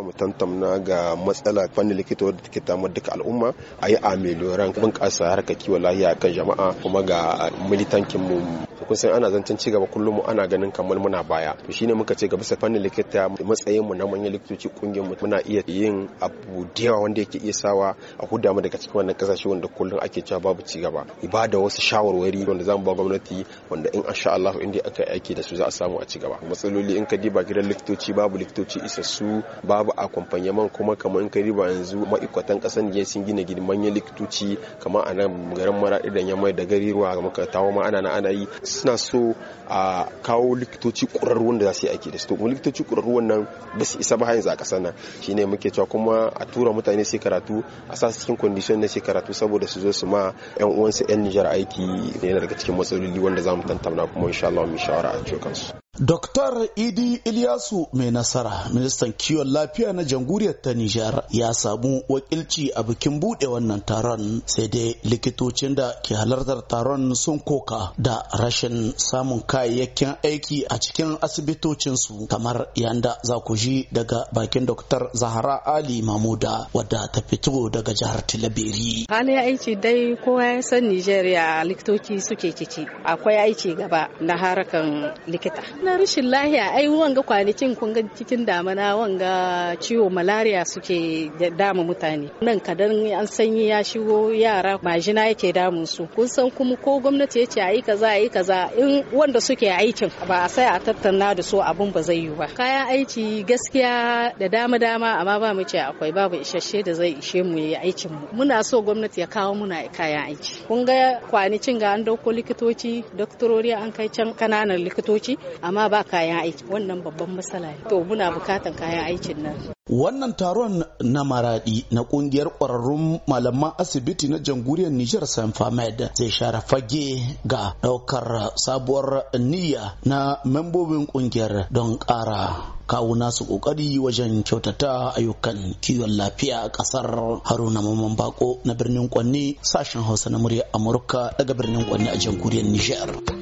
mu tantamna ga matsala fannin likita wadda take ta duka al'umma a yi amelioran bunƙasa harkar kiwa lahiya kan jama'a kuma ga militankin mu kun san ana zancen ci gaba kullum ana ganin kamar muna baya to shine muka ce ga bisa fannin likita matsayin mu na manyan likitoci kungiyar mu muna iya yin abu da wanda yake iya sawa a huda mu daga cikin wannan kasashe wanda kullum ake cewa babu ci gaba ibada wasu shawarwari wanda zamu ba gwamnati wanda in insha Allah in aka aka aiki da su za a samu a ci gaba matsaloli in ka diba gidan likitoci babu likitoci isassu babu babu a man kuma kamar in kai riba yanzu ma'aikatan kasan Nijar sun gina manyan likitoci kamar a nan garin maraɗi da yamai da gari ruwa ga tawo ma ana ana yi suna so a kawo likitoci ƙwararru da za su yi aiki da su to likitoci kurarru wannan ba su isa ba yanzu a kasana nan shine muke cewa kuma a tura mutane sai karatu a sa cikin condition na sai karatu saboda su zo su ma yan uwansu yan Nijar aiki yana daga cikin matsaloli wanda za mu tantauna kuma insha Allah mu shawara a cikin kansu Dr. Idi Ilyasu mai nasara, ministan kiwon lafiya na jamhuriyar ta Nijar, ya samu wakilci a bikin buɗe wannan taron sai dai likitocin da ke halartar taron sun koka da rashin samun kayayyakin aiki a cikin asibitocinsu kamar yanda za ku ji daga bakin Dr. Zahara Ali Mamuda wadda ta fito daga jihar Tilabiri. Hali aiki dai kowa ya san Nijeriya likitoci suke ciki, akwai aiki gaba na harakan likita. na rashin lahiya ai wanga kwanakin kun ga cikin damana wanga ciwo malaria suke dama mutane nan kadan an sanyi ya shigo yara majina yake damun su kun san kuma ko gwamnati ya ce ayi kaza ayi kaza in wanda suke aikin ba a sai a tattauna da su abun ba zai yiwu ba kayan aiki gaskiya da dama dama amma ba mu ce akwai babu isasshe da zai ishe mu yi aikin mu muna so gwamnati ya kawo muna kayan aiki kun ga kwanakin ga an dauko likitoci doktorori an kai can kananan likitoci amma ba kayan aiki wannan babban matsala ne to muna bukatan kayan aikin nan wannan taron na maradi na kungiyar kwararrun malaman asibiti na jamhuriyar Nijar Famed zai share fage ga daukar sabuwar niyya na membobin kungiyar don kara kawo nasu kokari wajen kyautata ayyukan kiwon lafiya a kasar haruna maman bako na birnin kwanni sashen hausa na murya amurka daga birnin kwanni a jamhuriyar nijar